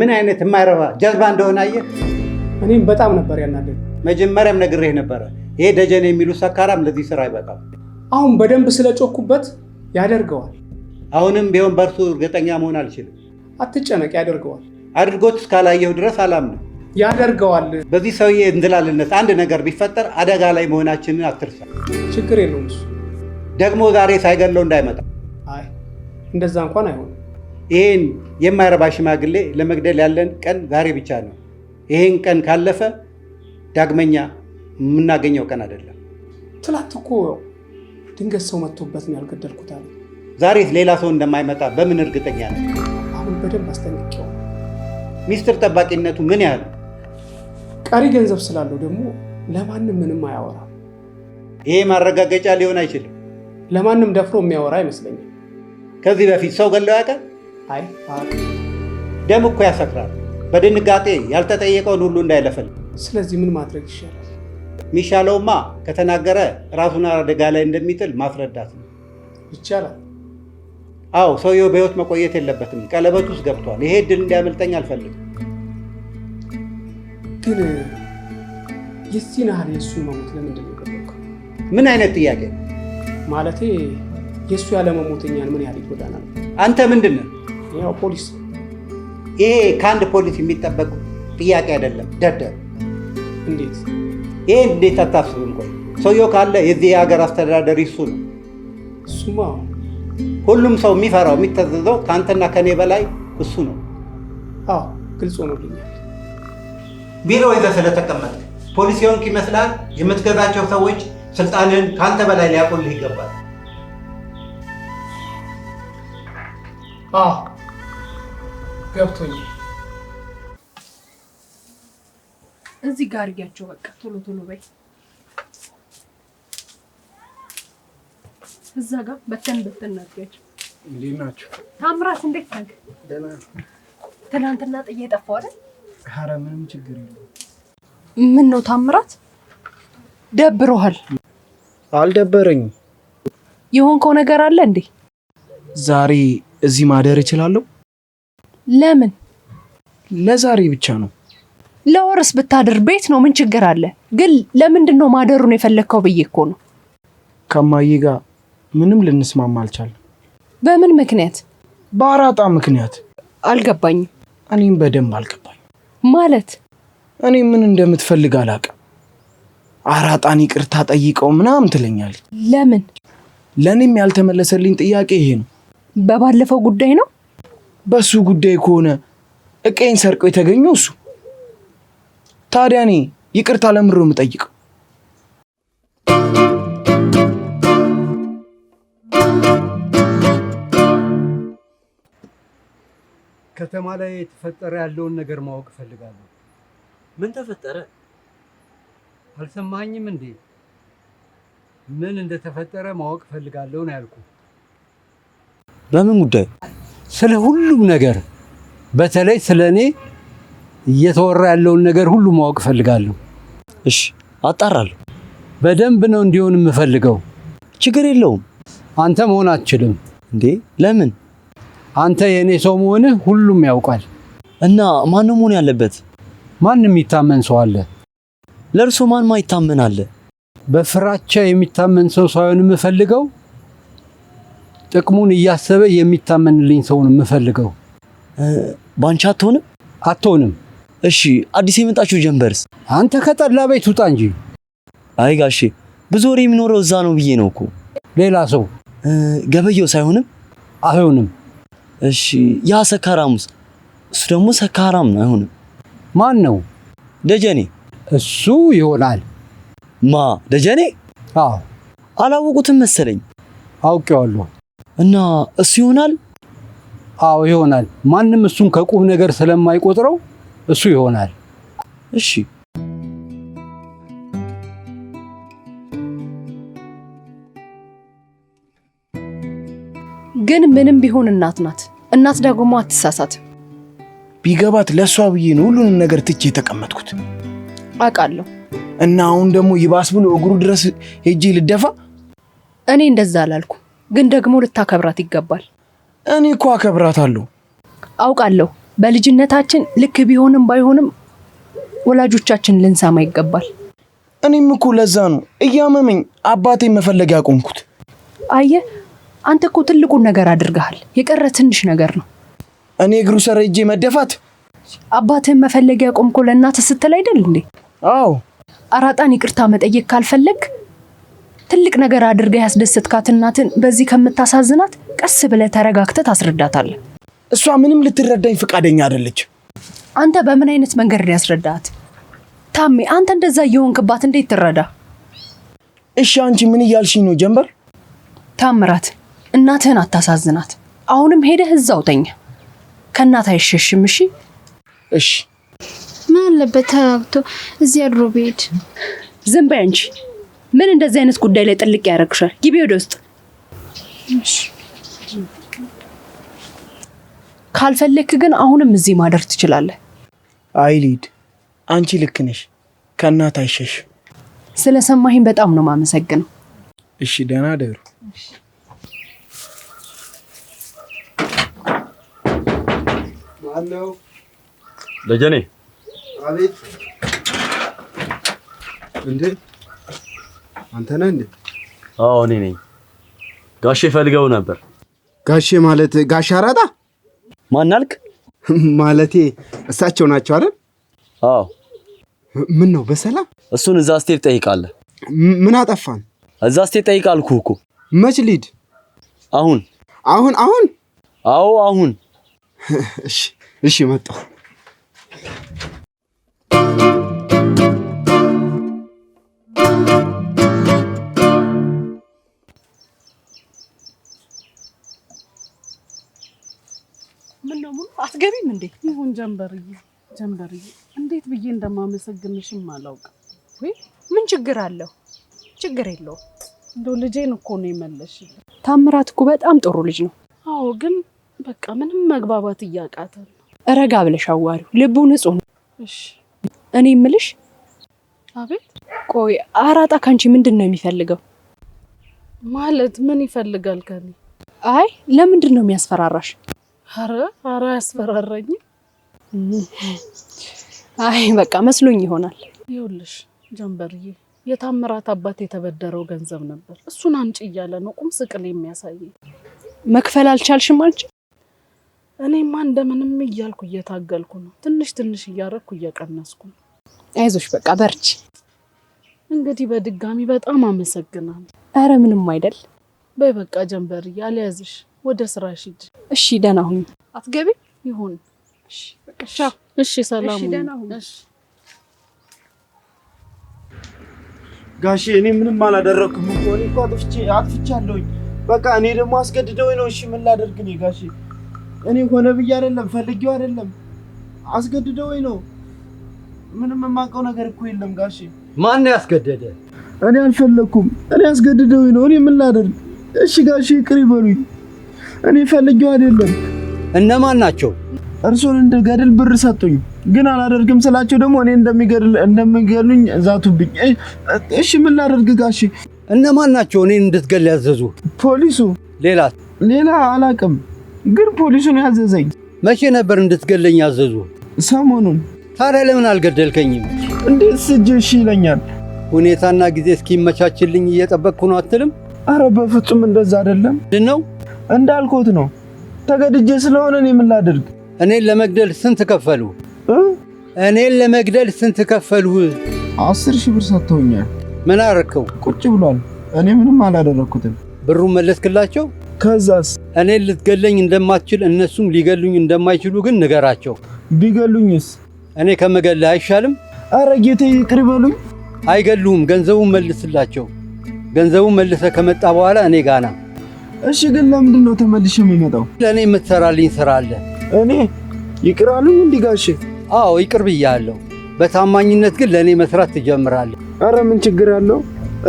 ምን አይነት የማይረባ ጀዝባ እንደሆነ አየህ። እኔም በጣም ነበር ያናደ። መጀመሪያም ነግሬህ ነበረ፣ ይሄ ደጀን የሚሉ ሰካራም ለዚህ ስራ አይበቃም። አሁን በደንብ ስለጮኩበት ያደርገዋል። አሁንም ቢሆን በእርሱ እርግጠኛ መሆን አልችልም። አትጨነቅ፣ ያደርገዋል። አድርጎት እስካላየሁ ድረስ አላምንም። ያደርገዋል። በዚህ ሰውዬ እንዝላልነት አንድ ነገር ቢፈጠር አደጋ ላይ መሆናችንን አትርሳ። ችግር የለውም እሱ ደግሞ ዛሬ ሳይገለው እንዳይመጣ። አይ እንደዛ እንኳን አይሆንም። ይሄን የማይረባ ሽማግሌ ለመግደል ያለን ቀን ዛሬ ብቻ ነው። ይሄን ቀን ካለፈ ዳግመኛ የምናገኘው ቀን አይደለም። ትላንት እኮ ድንገት ሰው መጥቶበት ነው ያልገደልኩት አለ። ዛሬስ ሌላ ሰው እንደማይመጣ በምን እርግጠኛ ነ አሁን በደንብ አስጠንቅቄው። ሚስጥር ጠባቂነቱ ምን ያህል ቀሪ ገንዘብ ስላለው ደግሞ ለማንም ምንም አያወራም። ይሄ ማረጋገጫ ሊሆን አይችልም። ለማንም ደፍሮ የሚያወራ አይመስለኝም። ከዚህ በፊት ሰው ገለው ያውቃል? አይ ደም እኮ ያሰክራል። በድንጋጤ ያልተጠየቀውን ሁሉ እንዳይለፈል። ስለዚህ ምን ማድረግ ይሻላል? የሚሻለውማ ከተናገረ ራሱን አደጋ ላይ እንደሚጥል ማስረዳት ነው። ይቻላል? አዎ፣ ሰውየው በህይወት መቆየት የለበትም። ቀለበት ውስጥ ገብቷል። ይሄ ድል እንዲያመልጠኝ አልፈልግም። ግን የዚህን ያህል የእሱን መሞት ለምንድን ነው የገባው? ምን አይነት ጥያቄ ማለቴ የእሱ ያለመሞተኛን ምን ያህል ይጎዳናል? አንተ ምንድን ነው ያው ፖሊስ ይሄ ከአንድ ፖሊስ የሚጠበቅ ጥያቄ አይደለም። ደደ እንዴት ይሄ እንዴት አታስብም? ቆይ ሰውየው ካለ የዚህ የሀገር አስተዳደር እሱ ነው። እሱማ ሁሉም ሰው የሚፈራው የሚተዘዘው ከአንተና ከኔ በላይ እሱ ነው። አዎ ግልጽ ሆኖልኛል። ቢሮ ይዘህ ስለተቀመጥክ ፖሊስ የሆንክ ይመስላል። የምትገዛቸው ሰዎች ስልጣንህን ከአንተ በላይ ሊያቆልህ ይገባል። አዎ ገብቶኝ እዚህ ጋር አድርጊያቸው። በቃ ቶሎ ቶሎ በይ። እዛ ጋር በተን በተን አድርጊያቸው። እንዴት ናቸው? ታምራት እንዴት ነህ? ደህና ትናንትና ጥዬ ጠፋሁ አይደል? ኧረ ምንም ችግር የለውም። ምን ነው ታምራት፣ ደብሮሃል? አልደበረኝም። የሆንከው ነገር አለ እንዴ? ዛሬ እዚህ ማደር እችላለሁ? ለምን? ለዛሬ ብቻ ነው። ለወርስ ብታድር ቤት ነው፣ ምን ችግር አለ? ግን ለምንድን ነው ማደሩን የፈለግከው ብዬ እኮ ነው። ከማዬ ጋር ምንም ልንስማማ አልቻለም። በምን ምክንያት? በአራጣ ምክንያት። አልገባኝም። እኔም በደንብ አልገባኝም። ማለት እኔ ምን እንደምትፈልግ አላውቅም። አራጣን ይቅርታ ጠይቀው ምናምን ትለኛለች። ለምን? ለእኔም ያልተመለሰልኝ ጥያቄ ይሄ ነው። በባለፈው ጉዳይ ነው በሱ ጉዳይ ከሆነ እቀይን ሰርቆ የተገኘው እሱ ታዲያ እኔ ይቅርታ ለምሮ የምጠይቀው? ከተማ ላይ የተፈጠረ ያለውን ነገር ማወቅ እፈልጋለሁ። ምን ተፈጠረ? አልሰማኝም እንዴ? ምን እንደተፈጠረ ማወቅ እፈልጋለሁ ነው ያልኩ። በምን ጉዳይ ስለ ሁሉም ነገር በተለይ ስለ እኔ እየተወራ ያለውን ነገር ሁሉ ማወቅ እፈልጋለሁ። እሺ፣ አጣራለሁ። በደንብ ነው እንዲሆን የምፈልገው። ችግር የለውም። አንተ መሆን አትችልም። እንዴ ለምን? አንተ የእኔ ሰው መሆንህ ሁሉም ያውቃል። እና ማነው መሆን ያለበት? ማንም የሚታመን ሰው አለ። ለእርሶ ማን ማይታመን አለ? በፍራቻ የሚታመን ሰው ሳይሆን የምፈልገው ጥቅሙን እያሰበ የሚታመንልኝ ሰውን የምፈልገው። ባንቺ አትሆንም አትሆንም። እሺ አዲስ የመጣችሁ ጀንበርስ? አንተ ከጠላ ቤት ውጣ እንጂ። አይ ጋሼ ብዙ ወሬ የሚኖረው እዛ ነው ብዬ ነው እኮ። ሌላ ሰው ገበየው አይሆንም? አይሆንም። እሺ ያ ሰካራሙስ? እሱ ደግሞ ሰካራም ነው፣ አይሆንም። ማን ነው? ደጀኔ። እሱ ይሆናል። ማ ደጀኔ? አዎ አላወቁትም መሰለኝ። አውቄዋለሁ። እና እሱ ይሆናል። አዎ ይሆናል። ማንም እሱን ከቁም ነገር ስለማይቆጥረው እሱ ይሆናል። እሺ ግን ምንም ቢሆን እናት ናት። እናት ደግሞ አትሳሳት። ቢገባት ለእሷ ብዬ ነው ሁሉንም ነገር ትቼ የተቀመጥኩት አውቃለሁ። እና አሁን ደግሞ ይባስ ብሎ እግሩ ድረስ ሄጄ ልደፋ። እኔ እንደዛ አላልኩ ግን ደግሞ ልታከብራት ይገባል። እኔ እኮ አከብራታለሁ። አውቃለሁ በልጅነታችን ልክ ቢሆንም ባይሆንም ወላጆቻችን ልንሰማ ይገባል። እኔም እኮ ለዛ ነው እያመመኝ አባቴ መፈለግ ያቆምኩት። አየህ አንተ እኮ ትልቁን ነገር አድርገሃል። የቀረ ትንሽ ነገር ነው። እኔ እግሩ ስር ሄጄ መደፋት። አባትህን መፈለግ ያቆምኮ ለእናትህ ስትል አይደል እንዴ? አዎ። አራጣን ይቅርታ መጠየቅ ካልፈለግ ትልቅ ነገር አድርጋ ያስደሰትካት እናትን በዚህ ከምታሳዝናት ቀስ ብለህ ተረጋግተህ ታስረዳታለህ። እሷ ምንም ልትረዳኝ ፈቃደኛ አይደለች። አንተ በምን አይነት መንገድ ያስረዳት? ታሜ አንተ እንደዛ እየሆንክባት እንዴት ትረዳ? እሺ አንቺ ምን እያልሽኝ ነው ጀንበር? ታምራት እናትህን አታሳዝናት። አሁንም ሄደህ እዛው ተኛ፣ ከእናት አይሸሽም። እሺ እሺ። ምን አለበት ተረጋግቶ እዚህ አድሮ ብሄድ። ዝም በይ አንቺ። ምን እንደዚህ አይነት ጉዳይ ላይ ጥልቅ ያደርግሻል? ግቢ ወደ ውስጥ። ካልፈለክ ግን አሁንም እዚህ ማደር ትችላለህ። አይሊድ አንቺ ልክ ነሽ። ከእናት አይሸሽ። ስለሰማኸኝ በጣም ነው የማመሰግነው። እሺ፣ ደህና ደሩ። ደጀኔ። አቤት። እንዴ አንተ ነህ እንዴ? አዎ እኔ ነኝ። ጋሼ ፈልገው ነበር። ጋሼ ማለት ጋሼ አራታ ማን አልክ? ማለቴ እሳቸው ናቸው አይደል? አዎ። ምን ነው በሰላም? እሱን እዛ ስቴት ጠይቃለህ። ምን አጠፋን? እዛ ስቴት ጠይቃልኩ እኮ። መች ሊድ አሁን አሁን አሁን? አዎ አሁን። እሺ እሺ፣ መጣሁ። ምን ነው ሙሉ አትገቢም እንዴ? ይሁን ጀንበርዬ፣ ጀንበርዬ እንዴት ብዬ እንደማመሰግንሽም አላውቅም። ወይ ምን ችግር አለው? ችግር የለውም። እንደው ልጄን እኮ ነው የመለሽ። ታምራት እኮ በጣም ጥሩ ልጅ ነው። አዎ፣ ግን በቃ ምንም መግባባት እያቃተ ነው። ረጋ ብለሽ አዋሪው፣ ልቡ ንጹህ ነው። እሺ እኔ የምልሽ አቤት። ቆይ አራጣ ካንቺ ምንድን ነው የሚፈልገው? ማለት ምን ይፈልጋል ከኔ? አይ ለምንድን ነው የሚያስፈራራሽ? አረ አረ አያስፈራራኝም። አይ በቃ መስሎኝ ይሆናል። ይኸውልሽ ጀንበርዬ የታምራት አባት የተበደረው ገንዘብ ነበር። እሱን አምጪ እያለ ነው ቁም ስቅል የሚያሳይ። መክፈል አልቻልሽም አንቺ? እኔማ እንደምንም እያልኩ እየታገልኩ ነው። ትንሽ ትንሽ እያረግኩ እየቀነስኩ ነው። አይዞሽ በቃ በርቺ። እንግዲህ በድጋሚ በጣም አመሰግናለሁ። አረ ምንም አይደል። በይ በቃ ጀንበር አልያዝሽ፣ ወደ ስራሽ ሂጂ። እሺ ደህና ሁኚ። አትገቢ ይሁን። እሺ ሰላም ሁኚ። እኔ ምንም አላደረኩም እኮ እኔ እኮ አጥፍቼ አጥፍቻለሁኝ። በቃ እኔ ደግሞ አስገድደውኝ ነው። እሺ ምን ላደርግ እኔ ጋሼ፣ እኔ ሆነ ብዬ አይደለም ፈልጌው አይደለም አስገድደውኝ ነው። ምንም የማውቀው ነገር እኮ የለም ጋሼ። ማን ያስገደደ? እኔ አልፈለኩም። እኔ አስገድደውኝ ነው። እኔ ምን ላደርግ እሺ ጋሽ ይቅር ይበሉኝ። እኔ ፈልጌው አይደለም። እነማን ናቸው? እርሱን እንድገድል ብር ሰጡኝ፣ ግን አላደርግም ስላቸው ደግሞ እኔ እንደሚገድል እንደሚገሉኝ ዛቱብኝ። እሺ ምን ላደርግ ጋሽ? እነማን ናቸው እኔን እንድትገል ያዘዙ? ፖሊሱ። ሌላ ሌላ አላቅም፣ ግን ፖሊሱን ያዘዘኝ። መቼ ነበር እንድትገለኝ ያዘዙ? ሰሞኑን። ታዲያ ለምን አልገደልከኝም? እንዴት ስጅ እሺ ይለኛል። ሁኔታና ጊዜ እስኪመቻችልኝ እየጠበቅኩ ነው አትልም? አረ በፍጹም እንደዛ አይደለም። ነው? እንዳልኩት ነው። ተገድጄ ስለሆነ እኔ ምን ላድርግ? እኔን ለመግደል ስንት ከፈሉ? እኔን ለመግደል ስንት ከፈሉ? አስር ሺህ ብር ሰጥተውኛል። ምን አረከው? ቁጭ ብሏል። እኔ ምንም አላደረኩትም። ብሩን መለስክላቸው? ከዛስ? እኔን ልትገለኝ እንደማትችል እነሱም ሊገሉኝ እንደማይችሉ ግን ንገራቸው። ቢገሉኝስ? እኔ ከምገላ አይሻልም? አረ ይቅር በሉኝ። አይገሉም። ገንዘቡን መልስላቸው። ገንዘቡን መልሰ ከመጣ በኋላ እኔ ጋና። እሺ፣ ግን ለምንድን ነው ተመልሼ የሚመጣው? ለእኔ የምትሰራልኝ ስራ አለ። እኔ ይቅር አሉኝ እንዲጋሽ? አዎ ይቅር ብያለሁ። በታማኝነት ግን ለእኔ መስራት ትጀምራለህ። አረ ምን ችግር አለው?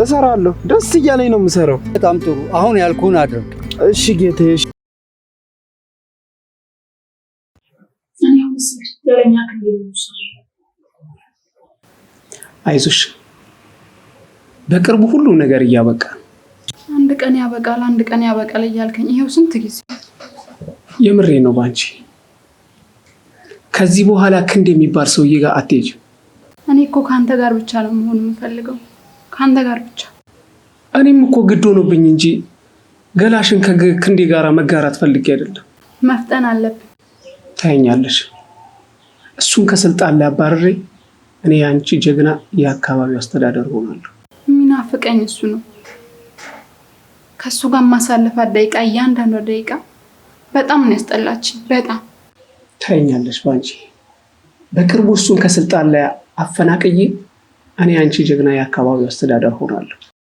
እሰራለሁ። ደስ እያለኝ ነው የምሰራው። በጣም ጥሩ። አሁን ያልኩህን አድርግ። እሺ ጌታዬ። አይዞሽ በቅርቡ ሁሉም ነገር እያበቃ አንድ ቀን ያበቃል፣ አንድ ቀን ያበቃል እያልከኝ ይሄው ስንት ጊዜ። የምሬ ነው ባንቺ። ከዚህ በኋላ ክንድ የሚባል ሰውዬ ጋር አትሄጂም። እኔ እኮ ከአንተ ጋር ብቻ ነው መሆን የምፈልገው፣ ከአንተ ጋር ብቻ። እኔም እኮ ግድ ሆኖብኝ እንጂ ገላሽን ከክንዴ ጋር መጋራት ፈልጌ አይደለም። መፍጠን አለብን። ታየኛለሽ። እሱን ከስልጣን ላይ አባርሬ እኔ የአንቺ ጀግና የአካባቢው አስተዳደር ሆናለሁ። የሚናፍቀኝ እሱ ነው። ከእሱ ጋር ማሳለፋት ደቂቃ እያንዳንዷ ደቂቃ በጣም ነው ያስጠላችኝ። በጣም ታይኛለሽ ባንቺ። በቅርቡ እሱን ከስልጣን ላይ አፈናቅዬ እኔ አንቺ ጀግና የአካባቢው አስተዳደር ሆናለሁ።